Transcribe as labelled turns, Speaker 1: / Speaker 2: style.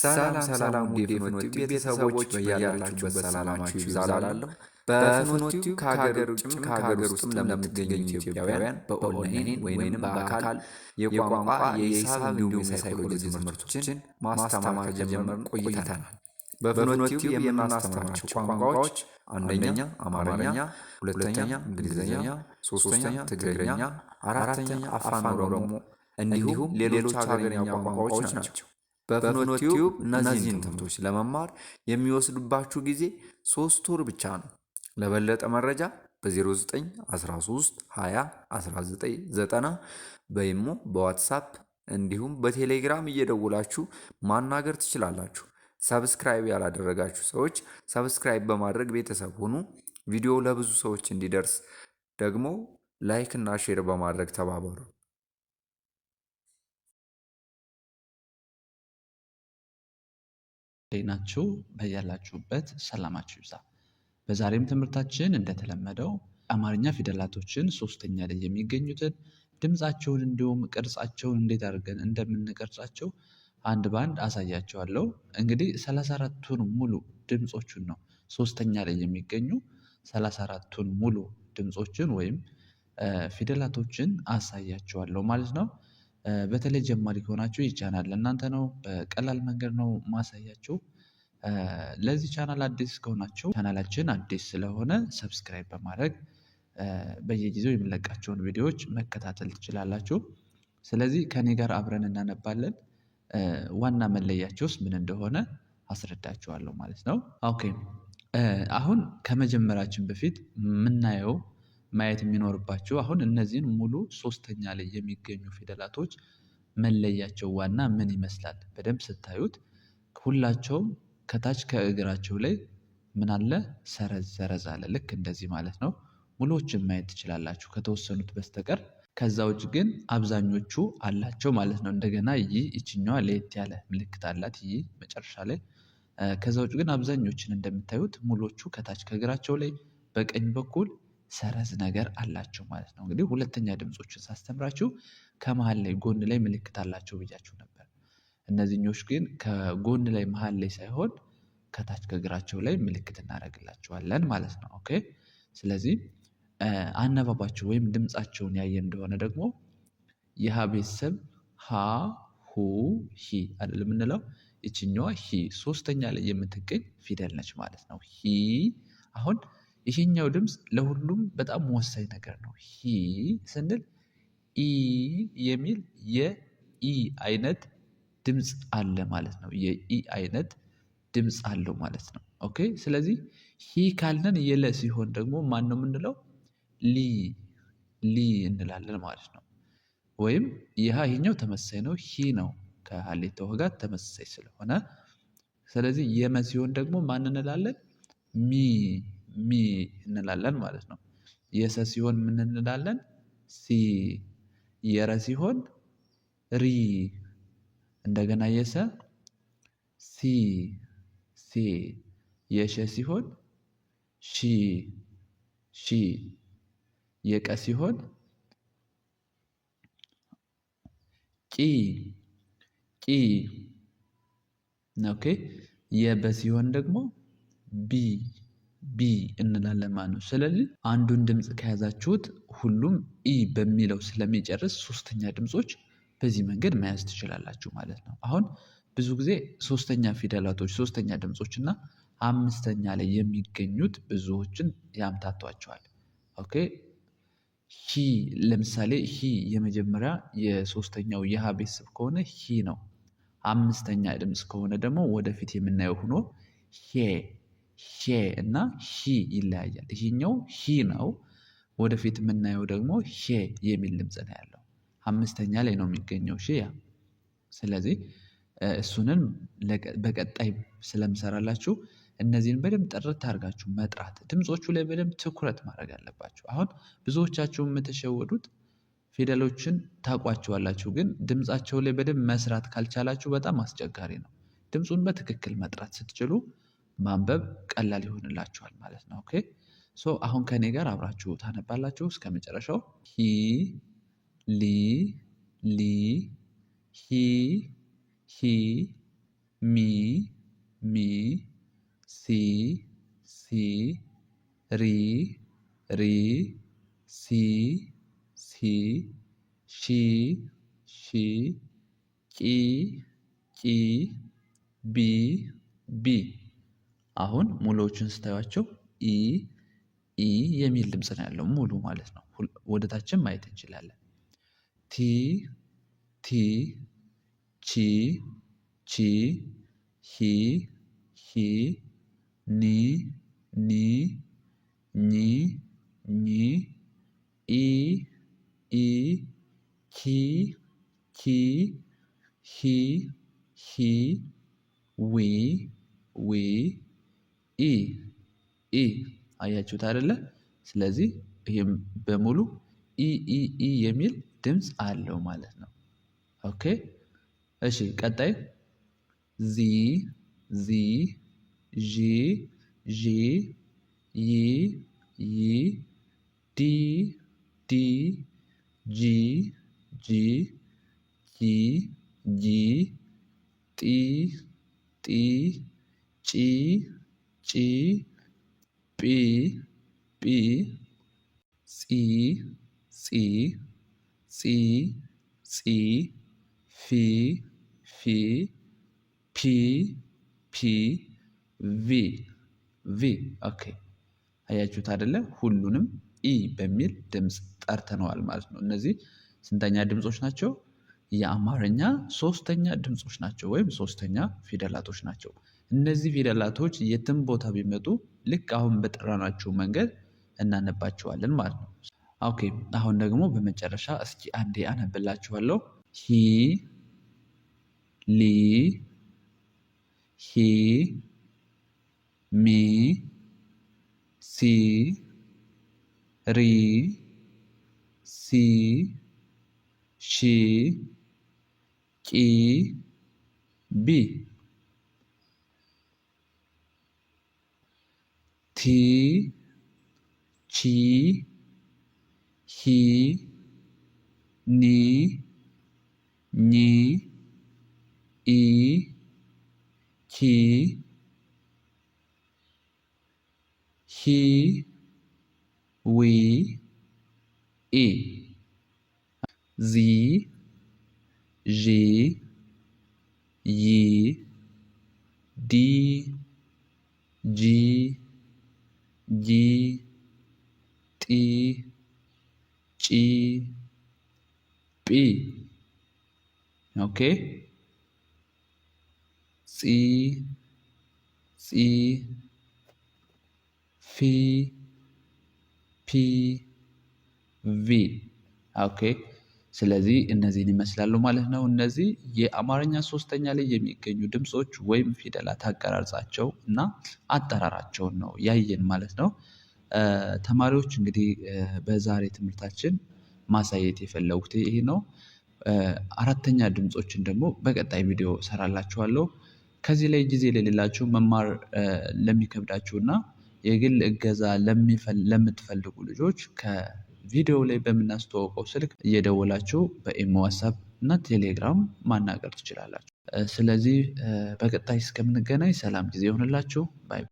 Speaker 1: ሰላም ሰላም ውድ የፍኖት ቤተሰቦች በያላችሁበት ሰላማችሁ ይብዛላለሁ። በፍኖት ከሀገር ውጭም ከሀገር ውስጥም ለምትገኙ ኢትዮጵያውያን በኦንላይን ወይም በአካል የቋንቋ የሂሳብ እንዲሁም የሳይኮሎጂ ትምህርቶችን ማስተማር ጀመርን ቆይተናል። በፍኖት ቲዩብ የምናስተምራቸው ቋንቋዎች አንደኛ አማርኛ፣ ሁለተኛ እንግሊዝኛ፣ ሶስተኛ ትግርኛ፣ አራተኛ አፋን ኦሮሞ እንዲሁም ሌሎች ሀገርኛ ቋንቋዎች ናቸው። በፍኖት ቲዩብ እነዚህን ትምህርቶች ለመማር የሚወስድባችሁ ጊዜ ሶስት ወር ብቻ ነው። ለበለጠ መረጃ በ0913 20 1990 በይሞ በዋትሳፕ እንዲሁም በቴሌግራም እየደውላችሁ ማናገር ትችላላችሁ። ሰብስክራይብ ያላደረጋችሁ ሰዎች ሰብስክራይብ በማድረግ ቤተሰብ ሁኑ። ቪዲዮ ለብዙ ሰዎች እንዲደርስ ደግሞ ላይክ እና ሼር በማድረግ ተባበሩ። ናችሁ በያላችሁበት ሰላማችሁ ይብዛ። በዛሬም ትምህርታችን እንደተለመደው አማርኛ ፊደላቶችን ሶስተኛ ላይ የሚገኙትን ድምፃቸውን እንዲሁም ቅርጻቸውን እንዴት አድርገን እንደምንቀርጻቸው አንድ በአንድ አሳያቸዋለሁ። እንግዲህ ሰላሳ አራቱን ሙሉ ድምፆቹን ነው ሶስተኛ ላይ የሚገኙ ሰላሳ አራቱን ሙሉ ድምፆችን ወይም ፊደላቶችን አሳያቸዋለሁ ማለት ነው። በተለይ ጀማሪ ከሆናችሁ ይህ ቻናል ለእናንተ ነው። በቀላል መንገድ ነው ማሳያችሁ። ለዚህ ቻናል አዲስ ከሆናችሁ ቻናላችን አዲስ ስለሆነ ሰብስክራይብ በማድረግ በየጊዜው የሚለቃቸውን ቪዲዮዎች መከታተል ትችላላችሁ። ስለዚህ ከኔ ጋር አብረን እናነባለን። ዋና መለያቸውስ ምን እንደሆነ አስረዳችኋለሁ ማለት ነው። ኦኬ አሁን ከመጀመራችን በፊት የምናየው ማየት የሚኖርባቸው አሁን እነዚህን ሙሉ ሶስተኛ ላይ የሚገኙ ፊደላቶች መለያቸው ዋና ምን ይመስላል? በደንብ ስታዩት ሁላቸውም ከታች ከእግራቸው ላይ ምን አለ? ሰረዝ ሰረዝ አለ። ልክ እንደዚህ ማለት ነው። ሙሉዎችን ማየት ትችላላችሁ ከተወሰኑት በስተቀር። ከዛ ውጭ ግን አብዛኞቹ አላቸው ማለት ነው። እንደገና ይህ ይችኛዋ ለየት ያለ ምልክት አላት። ይህ መጨረሻ ላይ ከዛ ውጭ ግን አብዛኞችን እንደምታዩት ሙሎቹ ከታች ከእግራቸው ላይ በቀኝ በኩል ሰረዝ ነገር አላቸው ማለት ነው። እንግዲህ ሁለተኛ ድምፆችን ሳስተምራችሁ ከመሀል ላይ ጎን ላይ ምልክት አላቸው ብያችሁ ነበር። እነዚህኞች ግን ከጎን ላይ መሃል ላይ ሳይሆን ከታች ከእግራቸው ላይ ምልክት እናደርግላቸዋለን ማለት ነው። ኦኬ ስለዚህ አነባባቸው ወይም ድምፃቸውን ያየ እንደሆነ ደግሞ የሀ ቤተሰብ ሀ ሁ ሂ አይደል የምንለው ይችኛዋ ሂ ሶስተኛ ላይ የምትገኝ ፊደል ነች ማለት ነው። ሂ አሁን ይሄኛው ድምፅ ለሁሉም በጣም ወሳኝ ነገር ነው። ሂ ስንል ኢ የሚል የኢ አይነት ድምፅ አለ ማለት ነው። የኢ አይነት ድምፅ አለው ማለት ነው። ኦኬ ስለዚህ ሂ ካልነን የለ ሲሆን ደግሞ ማን ነው የምንለው? ሊ ሊ እንላለን ማለት ነው። ወይም ይህ ይሄኛው ተመሳሳይ ነው። ሂ ነው ከሀሌታው ጋር ተመሳሳይ ስለሆነ፣ ስለዚህ የመ ሲሆን ደግሞ ማን እንላለን? ሚ ሚ እንላለን ማለት ነው። የሰ ሲሆን ምን እንላለን? ሲ። የረ ሲሆን ሪ። እንደገና የሰ ሲ ሲ። የሸ ሲሆን ሺ ሺ። የቀ ሲሆን ቂ ቂ። ኦኬ። የበ ሲሆን ደግሞ ቢ ቢ እንላለን ማለት ነው። ስለዚህ አንዱን ድምፅ ከያዛችሁት ሁሉም ኢ በሚለው ስለሚጨርስ ሶስተኛ ድምፆች በዚህ መንገድ መያዝ ትችላላችሁ ማለት ነው። አሁን ብዙ ጊዜ ሶስተኛ ፊደላቶች ሶስተኛ ድምፆች እና አምስተኛ ላይ የሚገኙት ብዙዎችን ያምታቷቸዋል። ኦኬ ሂ ለምሳሌ ሂ የመጀመሪያ የሶስተኛው የሀ ቤተሰብ ከሆነ ሂ ነው። አምስተኛ ድምፅ ከሆነ ደግሞ ወደፊት የምናየው ሆኖ ሄ ሼ እና ሂ ይለያያል። ይሄኛው ሂ ነው። ወደፊት የምናየው ደግሞ ሼ የሚል ድምፅ ነው ያለው። አምስተኛ ላይ ነው የሚገኘው ሺያ ያ። ስለዚህ እሱንን በቀጣይ ስለምሰራላችሁ እነዚህን በደንብ ጥርት አድርጋችሁ መጥራት፣ ድምፆቹ ላይ በደንብ ትኩረት ማድረግ አለባችሁ። አሁን ብዙዎቻችሁ የምትሸወዱት ፊደሎችን ታውቋቸዋላችሁ፣ ግን ድምፃቸው ላይ በደንብ መስራት ካልቻላችሁ በጣም አስቸጋሪ ነው። ድምፁን በትክክል መጥራት ስትችሉ ማንበብ ቀላል ይሆንላችኋል ማለት ነው። ኦኬ ሶ አሁን ከኔ ጋር አብራችሁ ታነባላችሁ እስከ መጨረሻው። ሂ ሊ ሊ ሂ ሂ ሚ ሚ ሲ ሲ ሪ ሪ ሲ ሲ ሺ ሺ ቂ ቂ ቢ ቢ አሁን ሙሉዎቹን ስታዩቸው ኢ ኢ የሚል ድምፅ ነው ያለው ሙሉ ማለት ነው። ወደ ማየት እንችላለን። ቲ ቲ ቺ ቺ ሂ ሂ ኒ ኒ ኒ ኒ ኢ ኢ ኪ ኪ ሂ ሂ ዊ ዊ ኢ አያችሁት አይደለ? ስለዚህ ይህም በሙሉ ኢ ኢ ኢ የሚል ድምፅ አለው ማለት ነው። ኦኬ እሺ፣ ቀጣይ ዚ ዚ ዢ ዢ ይ ይ ዲ ዲ ጂ ጂ ጂ ጂ ጢ ጢ ጪ ጪ ጲ ጲ ጺ ጺ ጺ ጺ ፊ ፊ ፒ ፒ ቪ ቪ ኦኬ አያችሁት አይደለ? ሁሉንም ኢ በሚል ድምፅ ጠርተነዋል ማለት ነው። እነዚህ ስንተኛ ድምፆች ናቸው? የአማርኛ ሶስተኛ ድምፆች ናቸው፣ ወይም ሶስተኛ ፊደላቶች ናቸው። እነዚህ ፊደላቶች የትም ቦታ ቢመጡ ልክ አሁን በጠራናቸው መንገድ እናነባቸዋለን ማለት ነው። ኦኬ አሁን ደግሞ በመጨረሻ እስኪ አንዴ አነብላችኋለሁ። ሂ ሊ ሂ ሚ ሲ ሪ ሲ ሺ ቂ ቢ ት ቺ ሂ ኒ ኒ ኢ ኪ ሂ ዊ ኢ ዚ ዢ ይ ዲ ጂ ጂ ጢ ጪ ጲ ኦኬ ጺ ጺ ፊ ፒ ቪ ኦኬ ስለዚህ እነዚህን ይመስላሉ ማለት ነው። እነዚህ የአማርኛ ሶስተኛ ላይ የሚገኙ ድምፆች ወይም ፊደላት አቀራርጻቸው እና አጠራራቸውን ነው ያየን ማለት ነው። ተማሪዎች እንግዲህ በዛሬ ትምህርታችን ማሳየት የፈለጉት ይሄ ነው። አራተኛ ድምፆችን ደግሞ በቀጣይ ቪዲዮ እሰራላችኋለሁ። ከዚህ ላይ ጊዜ ለሌላችሁ መማር ለሚከብዳችሁ እና የግል እገዛ ለምትፈልጉ ልጆች ቪዲዮ ላይ በምናስተዋውቀው ስልክ እየደወላችሁ በኢሞ፣ ዋትሳፕ እና ቴሌግራም ማናገር ትችላላችሁ። ስለዚህ በቀጣይ እስከምንገናኝ ሰላም ጊዜ ይሆንላችሁ ባይ